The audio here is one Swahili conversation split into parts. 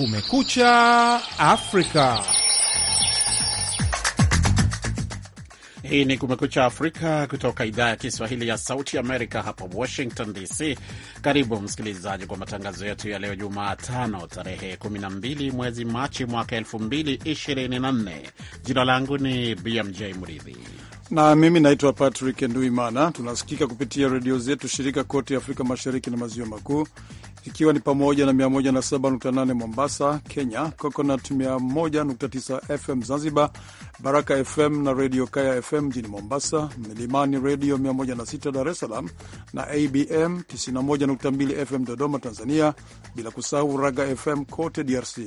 Kumekucha Afrika. Hii ni Kumekucha Afrika kutoka idhaa ya Kiswahili ya Sauti Amerika, hapa Washington DC. Karibu msikilizaji kwa matangazo yetu ya leo Jumatano, tarehe 12 mwezi Machi mwaka 2024. Jina langu ni BMJ Mridhi na mimi naitwa Patrick Nduimana. Tunasikika kupitia redio zetu shirika kote Afrika Mashariki na Maziwa Makuu, ikiwa ni pamoja na 107.8 Mombasa, Kenya, Coconut 101.9 FM Zanzibar, Baraka FM na Redio Kaya FM mjini Mombasa, Milimani Redio 106 Dar es Salaam na ABM 91.2 FM Dodoma, Tanzania, bila kusahau Raga FM kote DRC.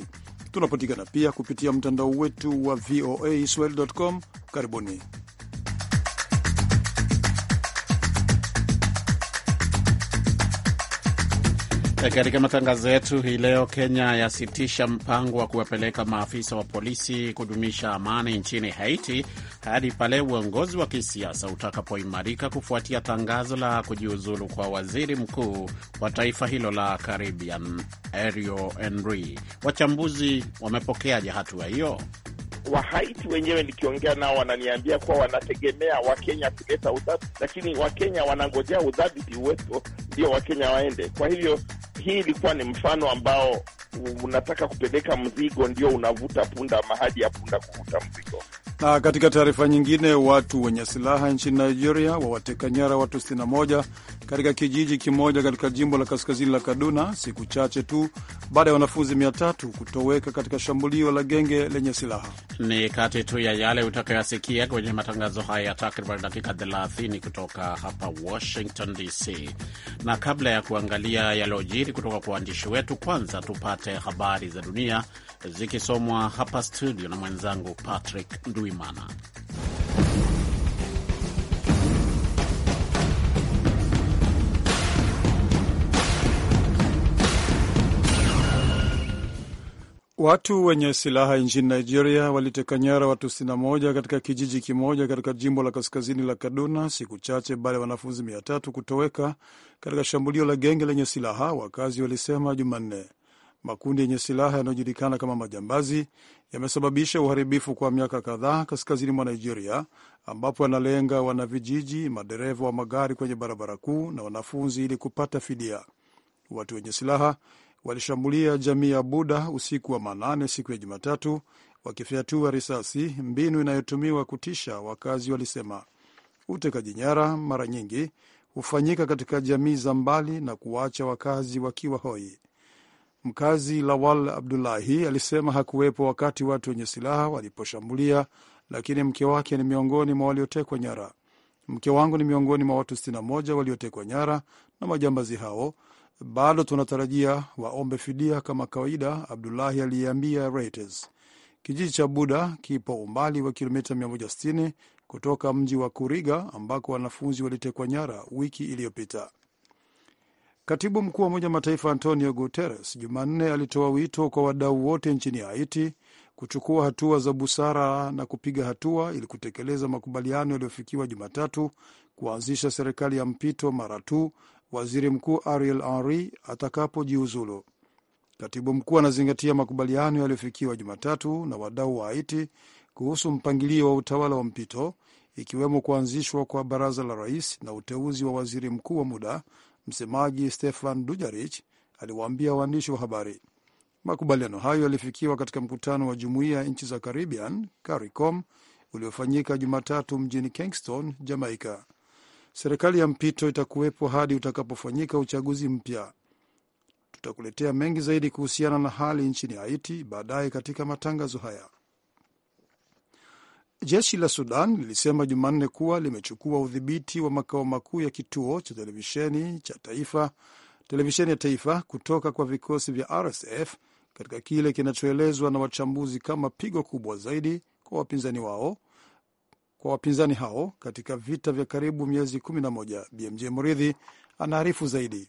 Tunapatikana pia kupitia mtandao wetu wa VOA Swahili.com. Karibuni. Eh, katika matangazo yetu hii leo, Kenya yasitisha mpango wa kuwapeleka maafisa wa polisi kudumisha amani nchini Haiti hadi pale uongozi wa kisiasa utakapoimarika kufuatia tangazo la kujiuzulu kwa waziri mkuu wa taifa hilo la Caribbean, Ariel Henry. Wachambuzi wamepokeaje hatua hiyo? Wahaiti wenyewe nikiongea nao wananiambia kuwa wanategemea Wakenya kuleta udhabiti, lakini Wakenya wanangojea udhabiti uwepo ndio Wakenya waende. Kwa hivyo hii ilikuwa ni mfano ambao unataka kupeleka mzigo, ndio unavuta punda mahali ya punda kuvuta mzigo. Na katika taarifa nyingine, watu wenye silaha nchini Nigeria wawateka nyara watu 61 katika kijiji kimoja katika jimbo la kaskazini la Kaduna, siku chache tu baada ya wanafunzi 300 kutoweka katika shambulio la genge lenye silaha. Ni kati tu ya yale utakayoasikia kwenye matangazo haya ya takriban dakika 30 kutoka hapa Washington DC, na kabla ya kuangalia yaliyojiri kutoka kwa waandishi wetu, kwanza tupate tupate habari za dunia zikisomwa hapa studio na mwenzangu Patrick Ndwimana. Watu wenye silaha nchini Nigeria waliteka nyara watu 61 katika kijiji kimoja katika jimbo la kaskazini la Kaduna siku chache baada ya wanafunzi 3 kutoweka katika shambulio la genge lenye silaha, wakazi walisema Jumanne. Makundi yenye silaha yanayojulikana kama majambazi yamesababisha uharibifu kwa miaka kadhaa kaskazini mwa Nigeria, ambapo yanalenga wanavijiji, madereva wa magari kwenye barabara kuu na wanafunzi ili kupata fidia. Watu wenye silaha walishambulia jamii ya Buda usiku wa manane siku ya Jumatatu, wakifyatua risasi, mbinu inayotumiwa kutisha, wakazi walisema. Utekaji nyara mara nyingi hufanyika katika jamii za mbali na kuwacha wakazi wakiwa hoi. Mkazi Lawal Abdullahi alisema hakuwepo wakati watu wenye silaha waliposhambulia, lakini mke wake ni miongoni mwa waliotekwa nyara. Mke wangu ni miongoni mwa watu 61 waliotekwa nyara na majambazi hao. Bado tunatarajia waombe fidia kama kawaida, Abdullahi aliyeambia Reuters. Kijiji cha Buda kipo umbali wa kilomita 160 kutoka mji wa Kuriga ambako wanafunzi walitekwa nyara wiki iliyopita. Katibu mkuu wa Umoja Mataifa Antonio Guterres Jumanne alitoa wito kwa wadau wote nchini Haiti kuchukua hatua za busara na kupiga hatua ili kutekeleza makubaliano yaliyofikiwa Jumatatu kuanzisha serikali ya mpito mara tu waziri mkuu Ariel Henry atakapojiuzulu. Katibu mkuu anazingatia makubaliano yaliyofikiwa Jumatatu na wadau wa Haiti kuhusu mpangilio wa utawala wa mpito, ikiwemo kuanzishwa kwa baraza la rais na uteuzi wa waziri mkuu wa muda Msemaji Stefan dujarich aliwaambia waandishi wa habari. Makubaliano hayo yalifikiwa katika mkutano wa jumuiya ya nchi za Caribbean, CARICOM, uliofanyika Jumatatu mjini Kingston, Jamaica. Serikali ya mpito itakuwepo hadi utakapofanyika uchaguzi mpya. Tutakuletea mengi zaidi kuhusiana na hali nchini Haiti baadaye katika matangazo haya. Jeshi la Sudan lilisema Jumanne kuwa limechukua udhibiti wa makao makuu ya kituo cha televisheni cha taifa, televisheni ya taifa kutoka kwa vikosi vya RSF katika kile kinachoelezwa na wachambuzi kama pigo kubwa zaidi kwa wapinzani wao kwa wapinzani hao katika vita vya karibu miezi 11. BMJ Muridhi anaarifu zaidi.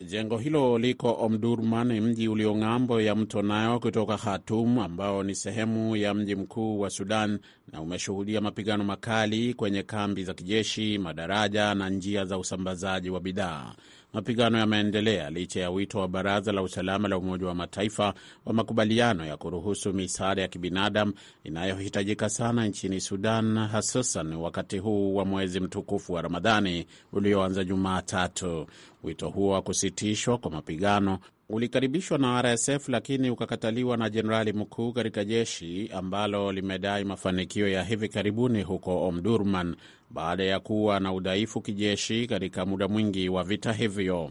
Jengo hilo liko Omdurman, mji ulio ng'ambo ya mto Nile kutoka Khartoum, ambao ni sehemu ya mji mkuu wa Sudan, na umeshuhudia mapigano makali kwenye kambi za kijeshi, madaraja na njia za usambazaji wa bidhaa mapigano yameendelea licha ya wito wa Baraza la Usalama la Umoja wa Mataifa wa makubaliano ya kuruhusu misaada ya kibinadamu inayohitajika sana nchini Sudan, hasusan wakati huu wa mwezi mtukufu wa Ramadhani ulioanza Jumatatu. Wito huo wa kusitishwa kwa mapigano ulikaribishwa na RSF lakini ukakataliwa na jenerali mkuu katika jeshi ambalo limedai mafanikio ya hivi karibuni huko Omdurman baada ya kuwa na udhaifu kijeshi katika muda mwingi wa vita hivyo.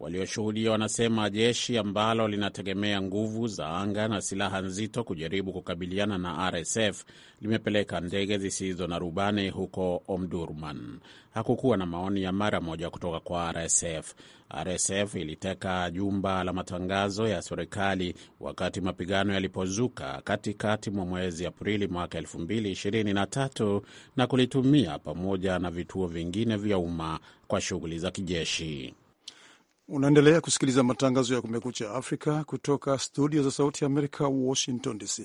Walioshuhudia wanasema jeshi ambalo linategemea nguvu za anga na silaha nzito kujaribu kukabiliana na RSF limepeleka ndege zisizo na rubani huko Omdurman. Hakukuwa na maoni ya mara moja kutoka kwa RSF. RSF iliteka jumba la matangazo ya serikali wakati mapigano yalipozuka katikati mwa mwezi Aprili mwaka 2023 na kulitumia pamoja na vituo vingine vya umma kwa shughuli za kijeshi. Unaendelea kusikiliza matangazo ya Kumekucha Afrika kutoka studio za Sauti ya Amerika, Washington DC.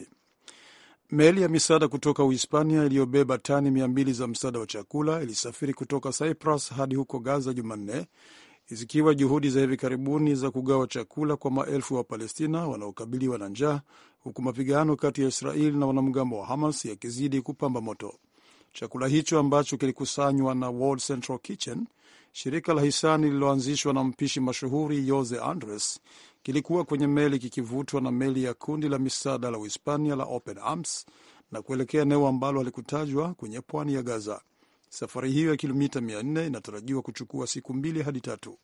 Meli ya misaada kutoka Uhispania iliyobeba tani mia mbili za msaada wa chakula ilisafiri kutoka Cyprus hadi huko Gaza Jumanne, zikiwa juhudi za hivi karibuni za kugawa chakula kwa maelfu wa Palestina wanaokabiliwa na njaa, huku mapigano kati ya Israeli na wanamgambo wa Hamas yakizidi kupamba moto. Chakula hicho ambacho kilikusanywa na World Central Kitchen Shirika la hisani lililoanzishwa na mpishi mashuhuri Jose Andres kilikuwa kwenye meli kikivutwa na meli ya kundi la misaada la Uhispania la Open Arms na kuelekea eneo ambalo alikutajwa kwenye pwani ya Gaza. Safari hiyo ya kilomita 400 inatarajiwa kuchukua siku mbili hadi tatu.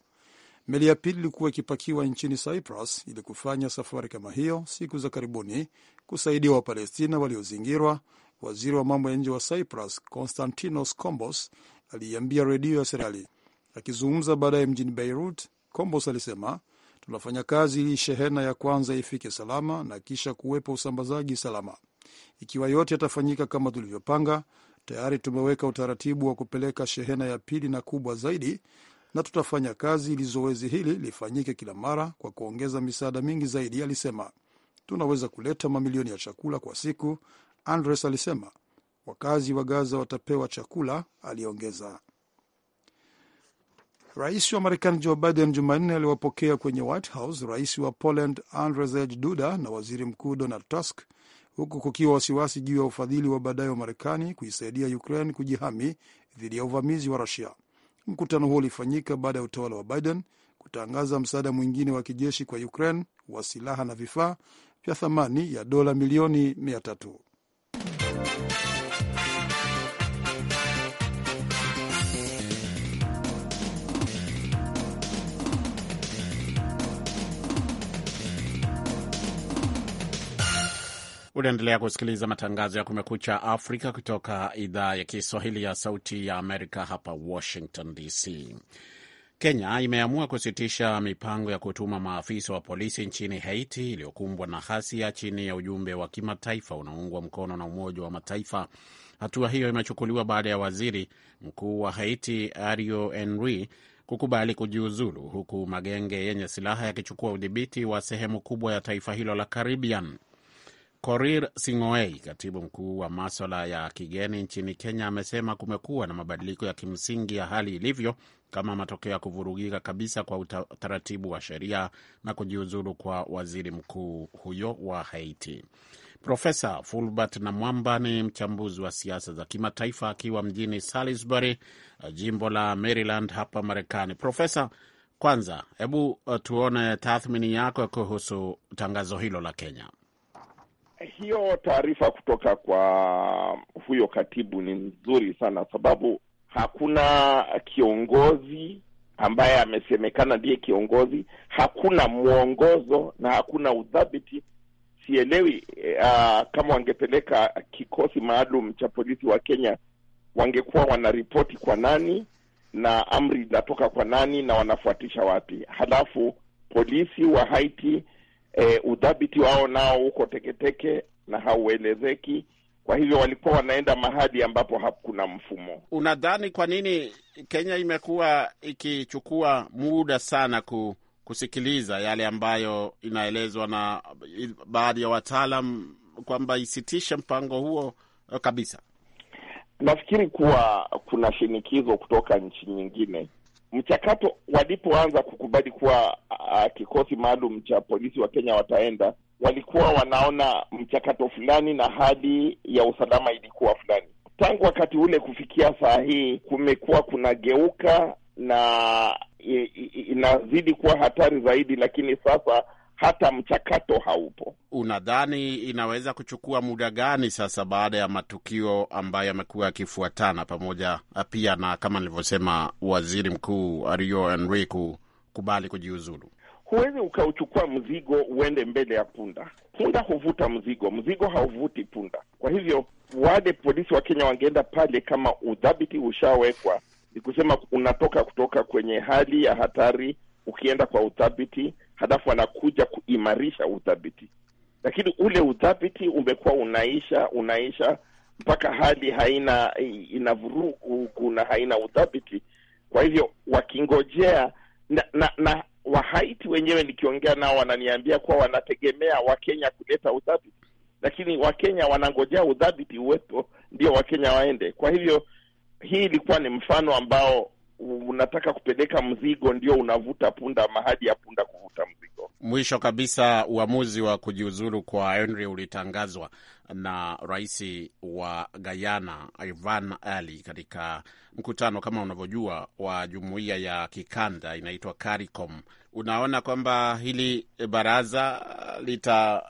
Meli ya pili ilikuwa ikipakiwa nchini Cyprus ili kufanya safari kama hiyo siku za karibuni kusaidia Wapalestina waliozingirwa. Waziri wa mambo ya nje wa Cyprus Konstantinos Kombos aliiambia redio ya serikali Akizungumza baadaye mjini Beirut, Kombos alisema tunafanya kazi ili shehena ya kwanza ifike salama na kisha kuwepo usambazaji salama. Ikiwa yote yatafanyika kama tulivyopanga, tayari tumeweka utaratibu wa kupeleka shehena ya pili na kubwa zaidi, na tutafanya kazi ili zoezi hili lifanyike kila mara kwa kuongeza misaada mingi zaidi, alisema. Tunaweza kuleta mamilioni ya chakula kwa siku, Andres alisema. Wakazi wa Gaza watapewa chakula, aliongeza. Rais wa Marekani Joe Biden Jumanne aliwapokea kwenye White House rais wa Poland Andrzej Duda na waziri mkuu Donald Tusk, huku kukiwa wasiwasi juu ya ufadhili wa baadaye wa Marekani kuisaidia Ukraine kujihami dhidi ya uvamizi wa Rusia. Mkutano huo ulifanyika baada ya utawala wa Biden kutangaza msaada mwingine wa kijeshi kwa Ukraine wa silaha na vifaa vya thamani ya dola milioni mia tatu. Unaendelea kusikiliza matangazo ya Kumekucha Afrika kutoka idhaa ya Kiswahili ya Sauti ya Amerika, hapa Washington DC. Kenya imeamua kusitisha mipango ya kutuma maafisa wa polisi nchini Haiti iliyokumbwa na ghasia chini ya ujumbe wa kimataifa unaoungwa mkono na Umoja wa Mataifa. Hatua hiyo imechukuliwa baada ya waziri mkuu wa Haiti Ariel Henry kukubali kujiuzulu, huku magenge yenye silaha yakichukua udhibiti wa sehemu kubwa ya taifa hilo la Caribbean. Korir Sing'oei, katibu mkuu wa maswala ya kigeni nchini Kenya, amesema kumekuwa na mabadiliko ya kimsingi ya hali ilivyo kama matokeo ya kuvurugika kabisa kwa utaratibu wa sheria na kujiuzulu kwa waziri mkuu huyo wa Haiti. Profesa Fulbert Namwamba ni mchambuzi wa siasa za kimataifa akiwa mjini Salisbury, jimbo la Maryland hapa Marekani. Profesa, kwanza hebu tuone tathmini yako kuhusu tangazo hilo la Kenya hiyo taarifa kutoka kwa huyo katibu ni nzuri sana, sababu hakuna kiongozi ambaye amesemekana ndiye kiongozi, hakuna mwongozo na hakuna udhabiti. Sielewi uh, kama wangepeleka kikosi maalum cha polisi wa Kenya wangekuwa wanaripoti kwa nani na amri inatoka kwa nani na wanafuatisha wapi? Halafu polisi wa Haiti e, udhabiti wao nao uko teketeke na hauelezeki. Kwa hivyo walikuwa wanaenda mahali ambapo hakuna mfumo. Unadhani kwa nini Kenya imekuwa ikichukua muda sana ku kusikiliza yale ambayo inaelezwa na baadhi ya wataalam kwamba isitishe mpango huo eh, kabisa? Nafikiri kuwa kuna shinikizo kutoka nchi nyingine mchakato walipoanza kukubali kuwa a, kikosi maalum cha polisi wa Kenya wataenda, walikuwa wanaona mchakato fulani na hali ya usalama ilikuwa fulani. Tangu wakati ule kufikia saa hii kumekuwa kunageuka na inazidi kuwa hatari zaidi, lakini sasa hata mchakato haupo. Unadhani inaweza kuchukua muda gani sasa, baada ya matukio ambayo yamekuwa yakifuatana, pamoja eh, pia na kama nilivyosema, waziri mkuu Ariel Henry kukubali kujiuzulu? Huwezi ukauchukua mzigo uende mbele ya punda. Punda huvuta mzigo, mzigo hauvuti punda. Kwa hivyo wale polisi wa Kenya wangeenda pale kama udhabiti ushawekwa, ni kusema unatoka kutoka kwenye hali ya hatari ukienda kwa udhabiti halafu anakuja kuimarisha udhabiti, lakini ule udhabiti umekuwa unaisha unaisha mpaka hali haina ina vurugu na haina udhabiti. Kwa hivyo wakingojea na, na, na Wahaiti wenyewe nikiongea nao wananiambia kuwa wanategemea Wakenya kuleta udhabiti, lakini Wakenya wanangojea udhabiti uwepo ndio Wakenya waende. Kwa hivyo hii ilikuwa ni mfano ambao unataka kupeleka mzigo, ndio unavuta punda mahadi ya punda kuvuta mzigo. Mwisho kabisa, uamuzi wa kujiuzulu kwa Henry ulitangazwa na rais wa Guyana Ivan Ali katika mkutano kama unavyojua wa jumuiya ya kikanda inaitwa CARICOM. Unaona kwamba hili baraza lita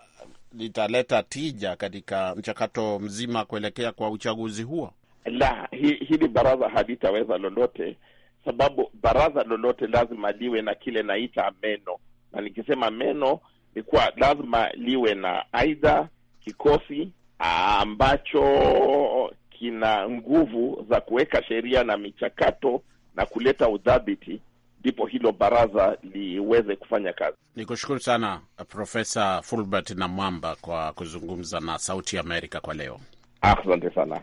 litaleta tija katika mchakato mzima kuelekea kwa uchaguzi huo? La, hi, hili baraza halitaweza lolote sababu baraza lolote lazima liwe na kile naita meno, na nikisema meno ni kuwa lazima liwe na aidha kikosi ah, ambacho kina nguvu za kuweka sheria na michakato na kuleta udhabiti, ndipo hilo baraza liweze kufanya kazi. Ni kushukuru sana Profesa Fulbert na Mwamba kwa kuzungumza na Sauti Amerika kwa leo. Asante sana.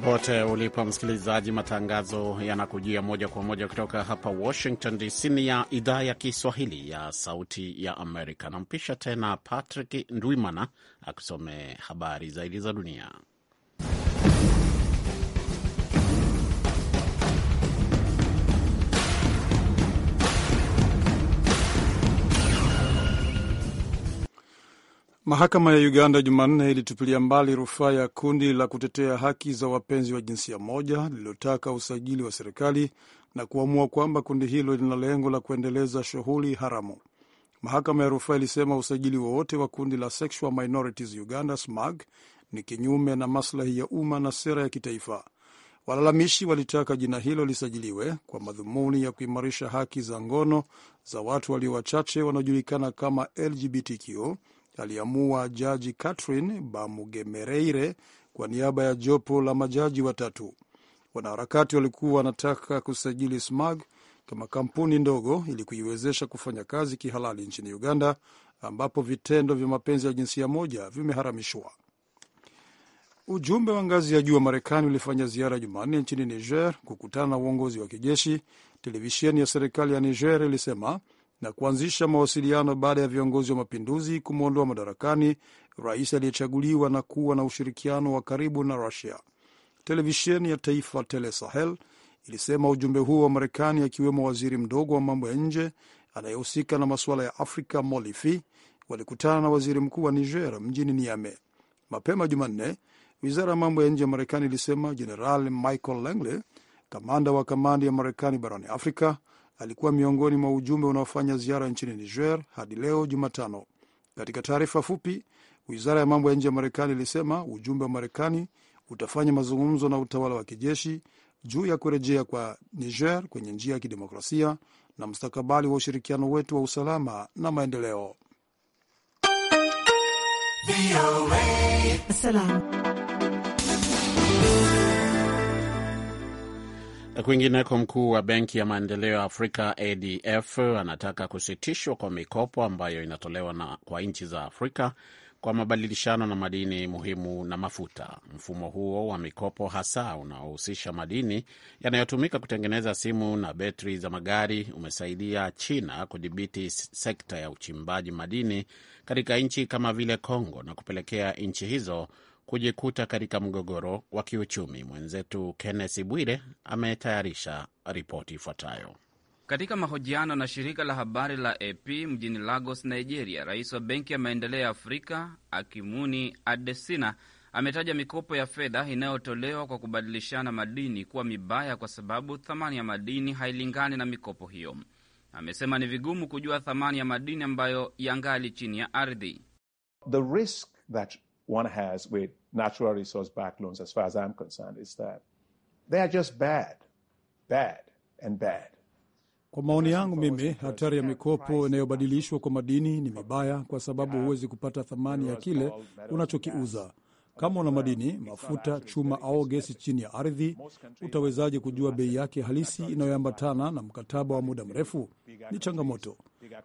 Popote ulipo msikilizaji, matangazo yanakujia moja kwa moja kutoka hapa Washington DC. Ni ya idhaa ya Kiswahili ya Sauti ya Amerika. Nampisha tena Patrick Ndwimana akusome habari zaidi za dunia. Mahakama ya Uganda Jumanne ilitupilia mbali rufaa ya kundi la kutetea haki za wapenzi wa jinsia moja lililotaka usajili wa serikali na kuamua kwamba kundi hilo lina lengo la kuendeleza shughuli haramu. Mahakama ya rufaa ilisema usajili wowote wa kundi la Sexual Minorities Uganda SMAG ni kinyume na maslahi ya umma na sera ya kitaifa. Walalamishi walitaka jina hilo lisajiliwe kwa madhumuni ya kuimarisha haki za ngono za watu walio wachache wanaojulikana kama LGBTQ aliamua Jaji Catherine Bamugemereire kwa niaba ya jopo la majaji watatu. Wanaharakati walikuwa wanataka kusajili SMAG kama kampuni ndogo ili kuiwezesha kufanya kazi kihalali nchini Uganda, ambapo vitendo vya mapenzi ya jinsia moja vimeharamishwa. Ujumbe wa ngazi ya juu wa Marekani ulifanya ziara Jumanne nchini Niger kukutana na uongozi wa kijeshi. Televisheni ya serikali ya Niger ilisema na kuanzisha mawasiliano baada ya viongozi wa mapinduzi kumwondoa madarakani rais aliyechaguliwa na kuwa na ushirikiano wa karibu na Rusia. Televisheni ya taifa Tele Sahel ilisema ujumbe huo wa Marekani, akiwemo waziri mdogo wa mambo ya nje anayehusika na masuala ya Afrika Molifi, walikutana na waziri mkuu wa Niger mjini Niame mapema Jumanne. Wizara ya mambo ya nje ya Marekani ilisema Jeneral Michael Langley, kamanda wa kamandi ya Marekani barani Afrika, alikuwa miongoni mwa ujumbe unaofanya ziara nchini Niger hadi leo Jumatano. Katika taarifa fupi, wizara ya mambo ya nje ya Marekani ilisema ujumbe wa Marekani utafanya mazungumzo na utawala wa kijeshi juu ya kurejea kwa Niger kwenye njia ya kidemokrasia na mustakabali wa ushirikiano wetu wa usalama na maendeleo. Kwingineko, mkuu wa benki ya maendeleo ya Afrika ADF anataka kusitishwa kwa mikopo ambayo inatolewa na kwa nchi za Afrika kwa mabadilishano na madini muhimu na mafuta. Mfumo huo wa mikopo hasa unaohusisha madini yanayotumika kutengeneza simu na betri za magari umesaidia China kudhibiti sekta ya uchimbaji madini katika nchi kama vile Kongo na kupelekea nchi hizo kujikuta katika mgogoro wa kiuchumi. Mwenzetu kennes Bwire ametayarisha ripoti ifuatayo. Katika mahojiano na shirika la habari la AP mjini Lagos, Nigeria, rais wa Benki ya Maendeleo ya Afrika Akimuni Adesina ametaja mikopo ya fedha inayotolewa kwa kubadilishana madini kuwa mibaya kwa sababu thamani ya madini hailingani na mikopo hiyo. Amesema ni vigumu kujua thamani ya madini ambayo yangali chini ya ardhi. The risk that one has with natural resource backed loans, as far as I'm concerned, is that they are just bad, bad and bad. Kwa maoni yangu mimi, hatari ya mikopo inayobadilishwa kwa madini ni mibaya, kwa sababu huwezi kupata thamani ya kile unachokiuza. Kama una madini, mafuta, chuma au gesi chini ya ardhi, utawezaje kujua bei yake halisi inayoambatana na mkataba wa muda mrefu? Ni changamoto.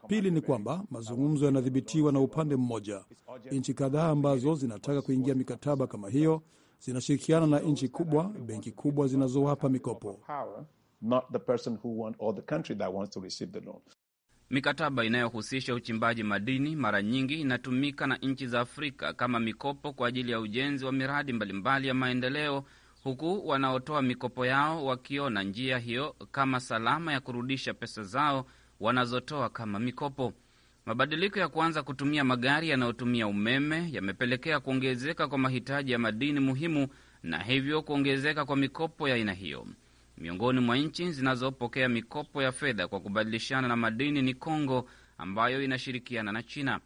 Pili ni kwamba mazungumzo yanadhibitiwa na upande mmoja. Nchi kadhaa ambazo zinataka kuingia mikataba kama hiyo zinashirikiana na nchi kubwa, benki kubwa zinazowapa mikopo. Mikataba inayohusisha uchimbaji madini mara nyingi inatumika na nchi za Afrika kama mikopo kwa ajili ya ujenzi wa miradi mbalimbali ya maendeleo, huku wanaotoa mikopo yao wakiona njia hiyo kama salama ya kurudisha pesa zao wanazotoa kama mikopo. Mabadiliko ya kuanza kutumia magari yanayotumia umeme yamepelekea kuongezeka kwa mahitaji ya madini muhimu na hivyo kuongezeka kwa mikopo ya aina hiyo. Miongoni mwa nchi zinazopokea mikopo ya fedha kwa kubadilishana na madini ni congo ambayo inashirikiana na China.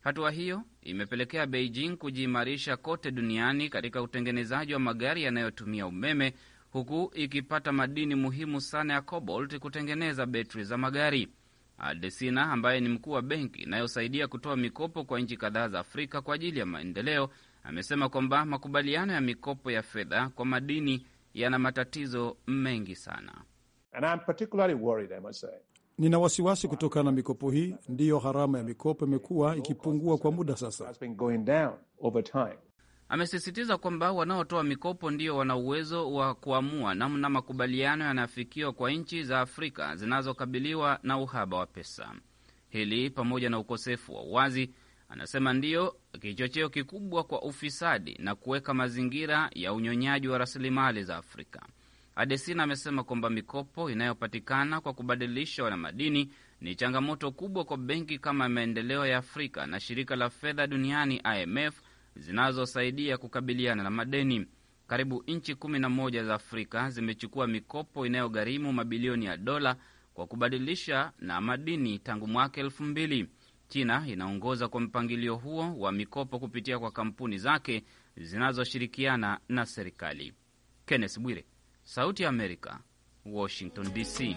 Hatua hiyo imepelekea Beijing kujiimarisha kote duniani katika utengenezaji wa magari yanayotumia umeme huku ikipata madini muhimu sana ya cobalt kutengeneza betri za magari. Adesina ambaye ni mkuu wa benki inayosaidia kutoa mikopo kwa nchi kadhaa za Afrika kwa ajili ya maendeleo amesema kwamba makubaliano ya mikopo ya fedha kwa madini yana matatizo mengi sana. And I'm particularly worried, I must say. Nina wasiwasi kutokana na mikopo hii. Ndiyo, gharama ya mikopo imekuwa ikipungua kwa muda sasa. Amesisitiza kwamba wanaotoa mikopo ndio wana uwezo wa kuamua namna makubaliano yanayofikiwa kwa nchi za Afrika zinazokabiliwa na uhaba wa pesa. Hili pamoja na ukosefu wa uwazi Anasema ndiyo kichocheo kikubwa kwa ufisadi na kuweka mazingira ya unyonyaji wa rasilimali za Afrika. Adesina amesema kwamba mikopo inayopatikana kwa kubadilisha na madini ni changamoto kubwa kwa benki kama Maendeleo ya Afrika na Shirika la Fedha Duniani IMF zinazosaidia kukabiliana na madeni. Karibu nchi 11 moja za Afrika zimechukua mikopo inayogharimu mabilioni ya dola kwa kubadilisha na madini tangu mwaka elfu mbili. China inaongoza kwa mpangilio huo wa mikopo kupitia kwa kampuni zake zinazoshirikiana na serikali. Kenneth Bwire, Sauti ya Amerika, Washington DC.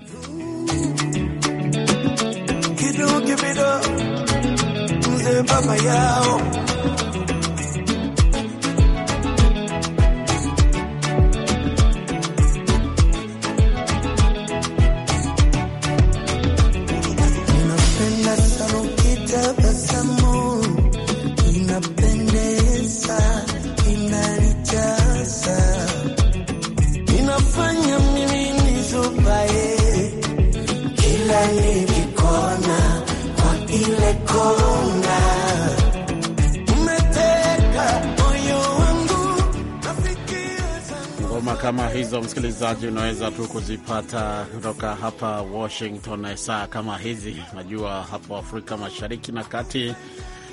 kama hizo, msikilizaji, unaweza tu kuzipata kutoka hapa Washington saa kama hizi. Najua hapo Afrika Mashariki na Kati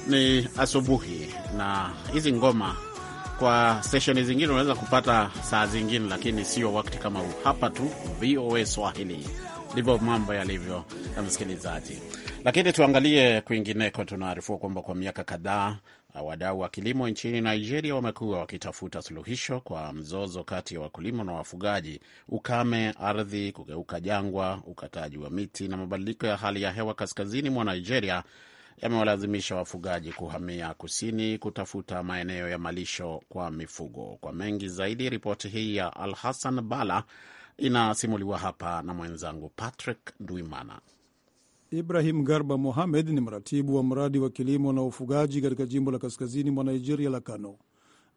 ni asubuhi, na hizi ngoma kwa stesheni zingine unaweza kupata saa zingine, lakini sio wakati kama huu. Hapa tu VOA Swahili ndivyo mambo yalivyo, na msikilizaji. Lakini tuangalie kwingineko. tunaarifua kwamba kwa miaka kadhaa Wadau wa kilimo nchini Nigeria wamekuwa wakitafuta suluhisho kwa mzozo kati ya wakulima na wafugaji: ukame, ardhi kugeuka jangwa, ukataji wa miti na mabadiliko ya hali ya hewa kaskazini mwa Nigeria yamewalazimisha wafugaji kuhamia kusini kutafuta maeneo ya malisho kwa mifugo. Kwa mengi zaidi, ripoti hii ya Al Hassan Bala inasimuliwa hapa na mwenzangu Patrick Duimana. Ibrahim Garba Mohamed ni mratibu wa mradi wa kilimo na ufugaji katika jimbo la kaskazini mwa Nigeria la Kano.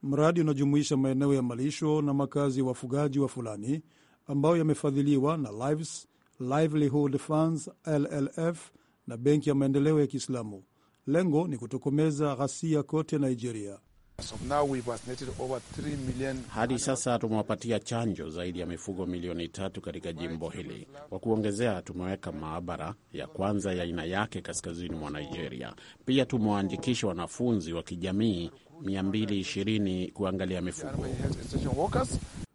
Mradi unajumuisha maeneo ya malisho na makazi ya wa wafugaji wa Fulani ambayo yamefadhiliwa na Lives Livelihood Funds LLF na Benki ya Maendeleo ya Kiislamu. Lengo ni kutokomeza ghasia kote Nigeria. Hadi sasa tumewapatia chanjo zaidi ya mifugo milioni tatu katika jimbo hili. Kwa kuongezea, tumeweka maabara ya kwanza ya aina yake kaskazini mwa Nigeria. Pia tumewaandikisha wanafunzi wa kijamii 220 kuangalia mifugo.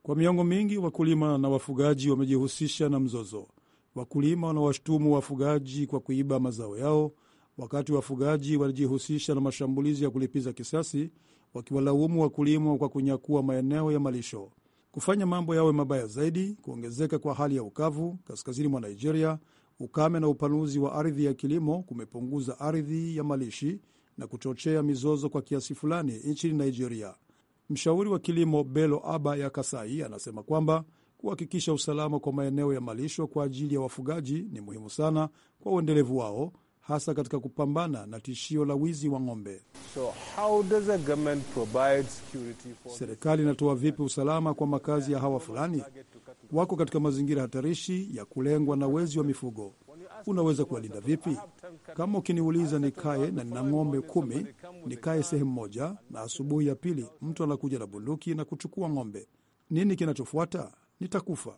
Kwa miongo mingi, wakulima na wafugaji wamejihusisha na mzozo. Wakulima wanawashutumu wafugaji kwa kuiba mazao yao, wakati wafugaji walijihusisha na mashambulizi ya kulipiza kisasi wakiwalaumu wakulima kwa kunyakua maeneo ya malisho, kufanya mambo yawe mabaya zaidi. Kuongezeka kwa hali ya ukavu kaskazini mwa Nigeria, ukame na upanuzi wa ardhi ya kilimo kumepunguza ardhi ya malishi na kuchochea mizozo kwa kiasi fulani nchini Nigeria. Mshauri wa kilimo belo Aba ya Kasai anasema kwamba kuhakikisha usalama kwa maeneo ya malisho kwa ajili ya wafugaji ni muhimu sana kwa uendelevu wao, hasa katika kupambana na tishio la wizi wa ng'ombe. So serikali inatoa vipi usalama kwa makazi ya hawa fulani? Wako katika mazingira hatarishi ya kulengwa na wezi wa mifugo. Unaweza kuwalinda vipi? Kama ukiniuliza nikae na nina ng'ombe kumi, nikae sehemu moja, na asubuhi ya pili mtu anakuja na bunduki na kuchukua ng'ombe, nini kinachofuata? Nitakufa.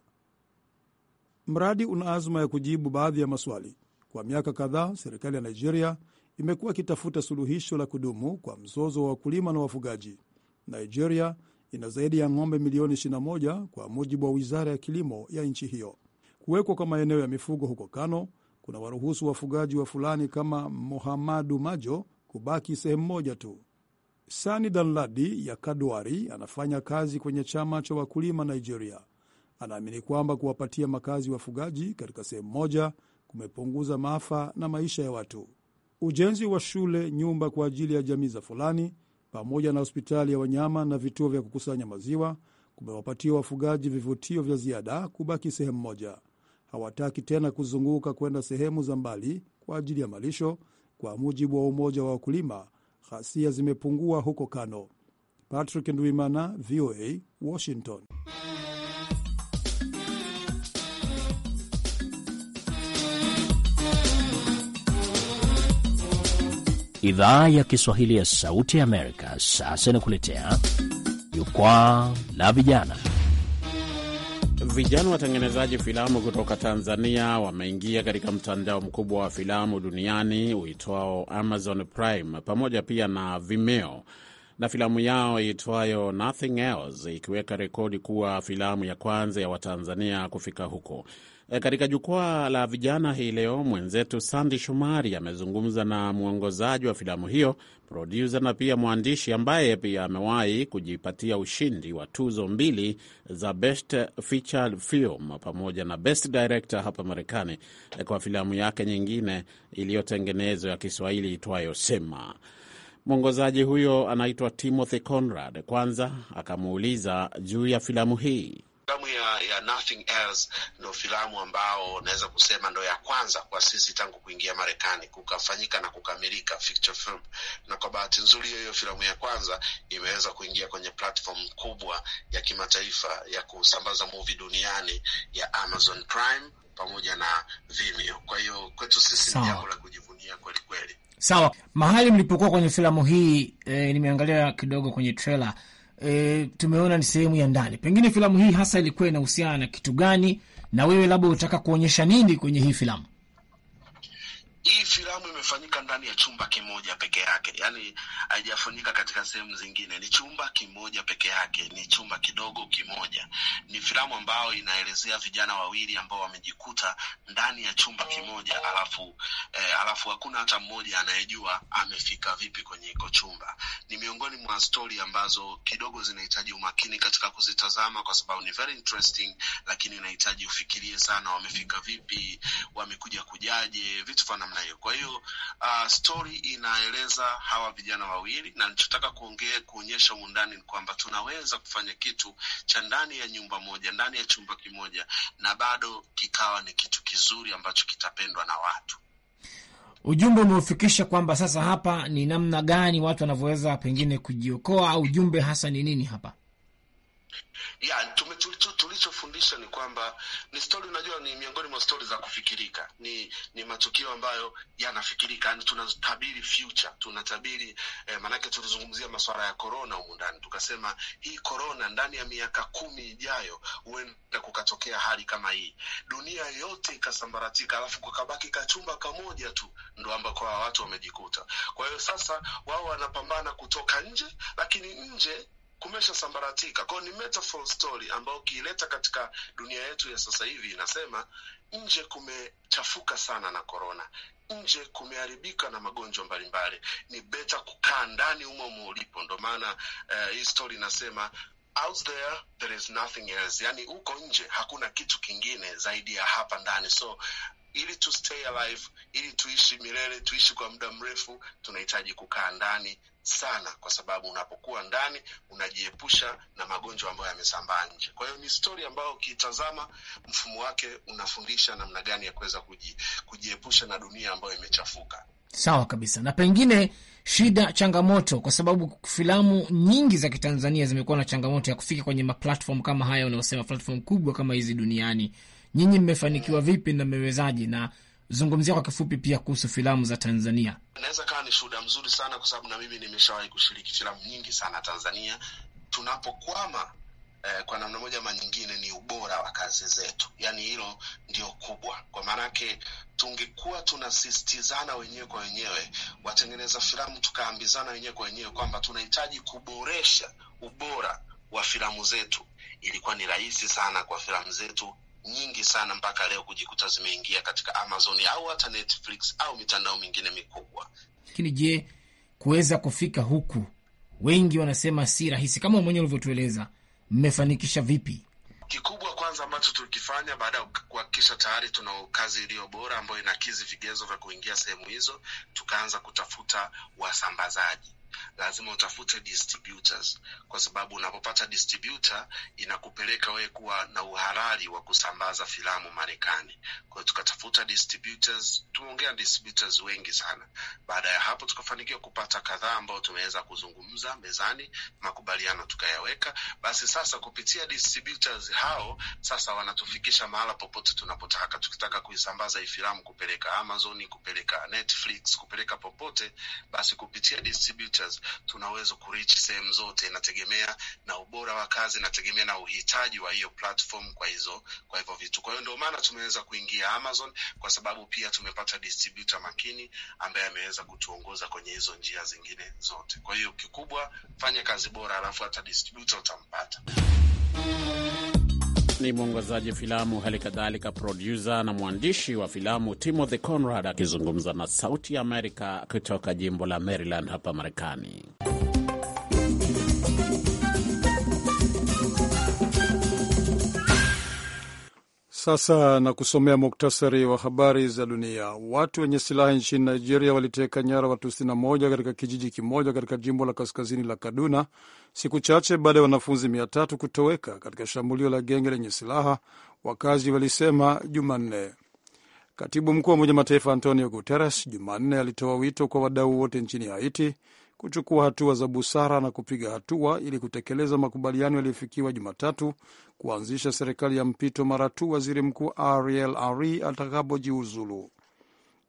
Mradi una azma ya kujibu baadhi ya maswali kwa miaka kadhaa, serikali ya Nigeria imekuwa ikitafuta suluhisho la kudumu kwa mzozo wa wakulima na wafugaji. Nigeria ina zaidi ya ng'ombe milioni 21 kwa mujibu wa wizara ya kilimo ya nchi hiyo. Kuwekwa kwa maeneo ya mifugo huko Kano kuna waruhusu wafugaji wa fulani kama Mohamadu Majo kubaki sehemu moja tu. Sani Danladi ya Kadwari anafanya kazi kwenye chama cha wakulima Nigeria. Anaamini kwamba kuwapatia makazi wafugaji katika sehemu moja kumepunguza maafa na maisha ya watu. Ujenzi wa shule, nyumba kwa ajili ya jamii za fulani, pamoja na hospitali ya wanyama na vituo vya kukusanya maziwa kumewapatia wafugaji vivutio vya ziada kubaki sehemu moja. Hawataki tena kuzunguka kwenda sehemu za mbali kwa ajili ya malisho. Kwa mujibu wa Umoja wa Wakulima, ghasia zimepungua huko Kano. Patrick Ndwimana, VOA, Washington. Idhaa ya Kiswahili ya Sauti ya Amerika sasa inakuletea jukwaa la vijana. Vijana watengenezaji filamu kutoka Tanzania wameingia katika mtandao mkubwa wa filamu duniani uitwao Amazon Prime pamoja pia na Vimeo na filamu yao iitwayo Nothing Else ikiweka rekodi kuwa filamu ya kwanza ya Watanzania kufika huko. Eh, katika jukwaa la vijana hii leo, mwenzetu Sandi Shomari amezungumza na mwongozaji wa filamu hiyo, produsa na pia mwandishi ambaye pia amewahi kujipatia ushindi wa tuzo mbili za Best Feature Film pamoja na Best Director hapa Marekani eh, kwa filamu yake nyingine iliyotengenezwa ya Kiswahili itwayo Sema. Mwongozaji huyo anaitwa Timothy Conrad, kwanza akamuuliza juu ya filamu hii. Filamu ya, ya Nothing Else ndo filamu ambao naweza kusema ndo ya kwanza kwa sisi tangu kuingia Marekani kukafanyika na kukamilika feature film, na kwa bahati nzuri hiyo hiyo filamu ya kwanza imeweza kuingia kwenye platform kubwa ya kimataifa ya kusambaza movie duniani ya Amazon Prime pamoja na Vimeo. Kwa hiyo kwetu sisi ni jambo la kujivunia kweli kweli. Sawa, mahali mlipokuwa kwenye filamu hii eh, nimeangalia kidogo kwenye trailer e, tumeona ni sehemu ya ndani. Pengine filamu hii hasa ilikuwa inahusiana na kitu gani, na wewe labda utaka kuonyesha nini kwenye hii filamu? hii filamu imefanyika ndani ya chumba kimoja peke yake, yani haijafanyika katika sehemu zingine. Ni chumba kimoja peke yake, ni chumba kidogo kimoja. Ni filamu ambayo inaelezea vijana wawili ambao wamejikuta ndani ya chumba kimoja, alafu eh, alafu hakuna hata mmoja anayejua amefika vipi kwenye iko chumba. Ni miongoni mwa stori ambazo kidogo zinahitaji umakini katika kuzitazama, kwa sababu ni very interesting, lakini inahitaji ufikirie sana, wamefika vipi, wamekuja kujaje, vitu vya namna namna hiyo. Kwa hiyo uh, stori inaeleza hawa vijana wawili, na nichotaka kuongea kuonyesha ndani ni kwamba tunaweza kufanya kitu cha ndani ya nyumba moja, ndani ya chumba kimoja, na bado kikawa ni kitu kizuri ambacho kitapendwa na watu. Ujumbe umeufikisha kwamba sasa hapa ni namna gani watu wanavyoweza pengine kujiokoa, au ujumbe hasa ni nini hapa? ya tulichofundisha ni kwamba ni stori, unajua ni miongoni mwa stori za kufikirika, ni ni matukio ambayo yanafikirika, yani tunatabiri future, tunatabiri eh, maanake tulizungumzia masuala ya korona humu ndani, tukasema hii korona ndani ya miaka kumi ijayo huenda kukatokea hali kama hii, dunia yote ikasambaratika, alafu kukabaki kachumba kamoja tu ndo ambako watu wamejikuta. Kwa hiyo sasa wao wanapambana kutoka nje, lakini nje kumeshasambaratika. Kwao ni metaphor story ambayo ukiileta katika dunia yetu ya sasa hivi inasema nje kumechafuka sana na korona, nje kumeharibika na magonjwa mbalimbali, ni beta kukaa ndani humo ulipo. Ndo maana eh, hii stori story inasema Out there, there is nothing else. Yani huko nje hakuna kitu kingine zaidi ya hapa ndani, so ili tu stay alive, ili tuishi milele, tuishi kwa muda mrefu, tunahitaji kukaa ndani sana, kwa sababu unapokuwa ndani unajiepusha na magonjwa ambayo yamesambaa nje. Kwa hiyo ni stori ambayo ukiitazama, mfumo wake unafundisha namna gani ya kuweza kujiepusha na dunia ambayo imechafuka. Sawa kabisa, na pengine shida, changamoto, kwa sababu filamu nyingi za Kitanzania zimekuwa na changamoto ya kufika kwenye maplatform kama haya unaosema platform kubwa kama hizi duniani. Nyinyi mmefanikiwa vipi na mmewezaje na zungumzia kwa kifupi pia kuhusu filamu za Tanzania. Naweza kawa ni shuhuda mzuri sana, kwa sababu na mimi nimeshawahi kushiriki filamu nyingi sana Tanzania. Tunapokwama eh, kwa namna moja ama nyingine ni ubora wa kazi zetu, yaani hilo ndio kubwa, kwa maanake tungekuwa tunasistizana wenyewe kwa wenyewe, watengeneza filamu tukaambizana wenyewe kwa wenyewe kwamba tunahitaji kuboresha ubora wa filamu zetu, ilikuwa ni rahisi sana kwa filamu zetu nyingi sana mpaka leo kujikuta zimeingia katika Amazon au hata Netflix au mitandao mingine mikubwa. Lakini je, kuweza kufika huku, wengi wanasema si rahisi, kama mwenyewe ulivyotueleza, mmefanikisha vipi? Kikubwa kwanza ambacho tulikifanya baada ya kuhakikisha tayari tuna kazi iliyo bora ambayo inakizi vigezo vya kuingia sehemu hizo, tukaanza kutafuta wasambazaji lazima utafute distributors, kwa sababu unapopata distributor inakupeleka wewe kuwa na uhalali wa kusambaza filamu Marekani. Kwa hiyo tukatafuta distributors, tumeongea distributors wengi sana. Baada ya hapo, tukafanikiwa kupata kadhaa ambao tumeweza kuzungumza mezani, makubaliano tukayaweka. Basi sasa kupitia distributors hao sasa wanatufikisha mahala popote tunapotaka, tukitaka kuisambaza hii filamu kupeleka Amazon, kupeleka Netflix, kupeleka popote, basi kupitia distributors contractors tunaweza kureach sehemu zote, inategemea na ubora wa kazi, inategemea na uhitaji wa hiyo platform kwa hizo kwa hivyo vitu. Kwa hiyo ndio maana tumeweza kuingia Amazon kwa sababu pia tumepata distributor makini ambaye ameweza kutuongoza kwenye hizo njia zingine zote. Kwa hiyo kikubwa, fanya kazi bora, alafu hata distributor utampata ni mwongozaji filamu, hali kadhalika produsa na mwandishi wa filamu Timothy Conrad akizungumza na Sauti ya Amerika kutoka jimbo la Maryland hapa Marekani. Sasa na kusomea muktasari wa habari za dunia. Watu wenye silaha nchini Nigeria waliteka nyara watu 61 katika kijiji kimoja katika jimbo la kaskazini la Kaduna, siku chache baada ya wanafunzi 300 kutoweka katika shambulio la genge lenye silaha, wakazi walisema Jumanne. Katibu mkuu wa Umoja Mataifa Antonio Guterres Jumanne alitoa wito kwa wadau wote nchini Haiti kuchukua hatua za busara na kupiga hatua ili kutekeleza makubaliano yaliyofikiwa Jumatatu kuanzisha serikali ya mpito mara tu waziri mkuu Ariel Henry atakapojiuzulu.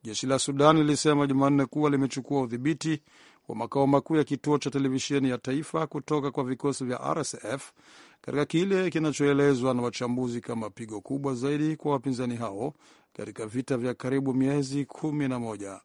Jeshi la Sudan lilisema Jumanne kuwa limechukua udhibiti wa makao makuu ya kituo cha televisheni ya taifa kutoka kwa vikosi vya RSF katika kile kinachoelezwa na wachambuzi kama pigo kubwa zaidi kwa wapinzani hao katika vita vya karibu miezi kumi na moja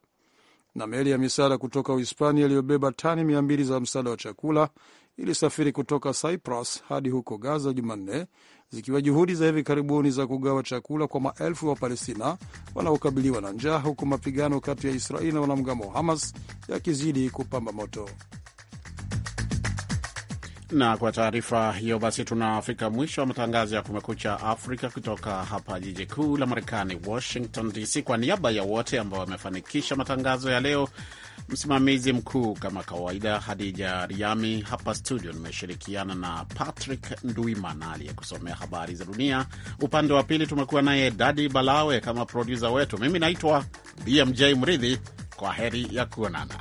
na meli ya misaada kutoka Uhispania iliyobeba tani mbili za msaada wa chakula ilisafiri kutoka Cyprus hadi huko Gaza Jumanne, zikiwa juhudi za hivi karibuni za kugawa chakula kwa maelfu ya Wapalestina wanaokabiliwa na njaa, huku mapigano kati ya Israeli na wanamgambo wa Hamas yakizidi kupamba moto na kwa taarifa hiyo basi, tunafika mwisho wa matangazo ya Kumekucha Afrika kutoka hapa jiji kuu la Marekani, Washington DC. Kwa niaba ya wote ambao wamefanikisha matangazo ya leo, msimamizi mkuu kama kawaida Hadija Riami, hapa studio nimeshirikiana na Patrick Nduimana aliyekusomea habari za dunia. Upande wa pili tumekuwa naye Dadi Balawe kama produsa wetu. Mimi naitwa BMJ Mridhi, kwa heri ya kuonana.